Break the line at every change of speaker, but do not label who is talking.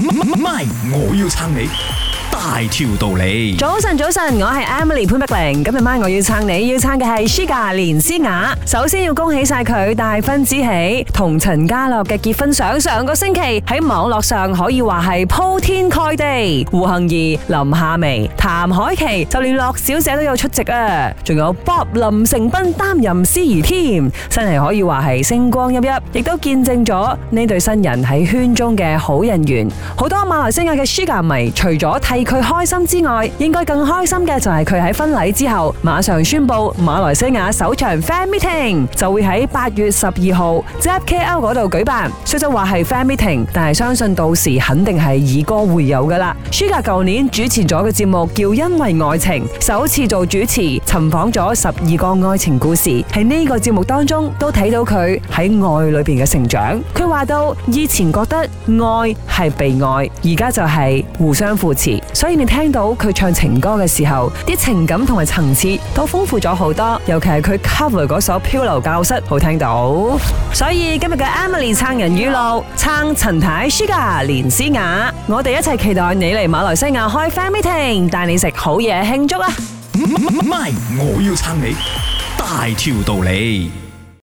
唔，唔，MY，我要撐你。大條道理。早
晨，早晨，我係 Emily 潘碧玲。今日晚我要撐你，要撐嘅係 Shiga 連詩雅。首先要恭喜晒佢大婚之喜，同陳家樂嘅結婚相，上個星期喺網絡上可以話係鋪天蓋地。胡杏兒、林夏薇、譚凱琪，就連樂小姐都有出席啊！仲有 Bob 林盛斌擔任司儀添，真係可以話係星光熠熠，亦都見證咗呢對新人喺圈中嘅好人緣。好多馬來西亞嘅 Shiga 迷，除咗替。佢開心之外，應該更開心嘅就係佢喺婚禮之後馬上宣布馬來西亞首場 fan meeting 就會喺八月十二號 Zepp KL 嗰度舉辦。雖則話係 fan meeting，但係相信到時肯定係以歌會友噶啦。舒格舊年主持咗嘅節目叫《因為愛情》，首次做主持，尋訪咗十二個愛情故事。喺呢個節目當中，都睇到佢喺愛裏邊嘅成長。佢話到以前覺得愛係被愛，而家就係互相扶持。所以你聽到佢唱情歌嘅時候，啲情感同埋層次都豐富咗好多。尤其係佢 cover 嗰首《漂流教室》，好聽到。所以今日嘅 Emily 撐人語錄，撐陳太 Shiga、連詩雅，我哋一齊期待你嚟馬來西亞開 fan meeting，帶你食好嘢慶祝啊！唔
咪，我要撐你大條道理。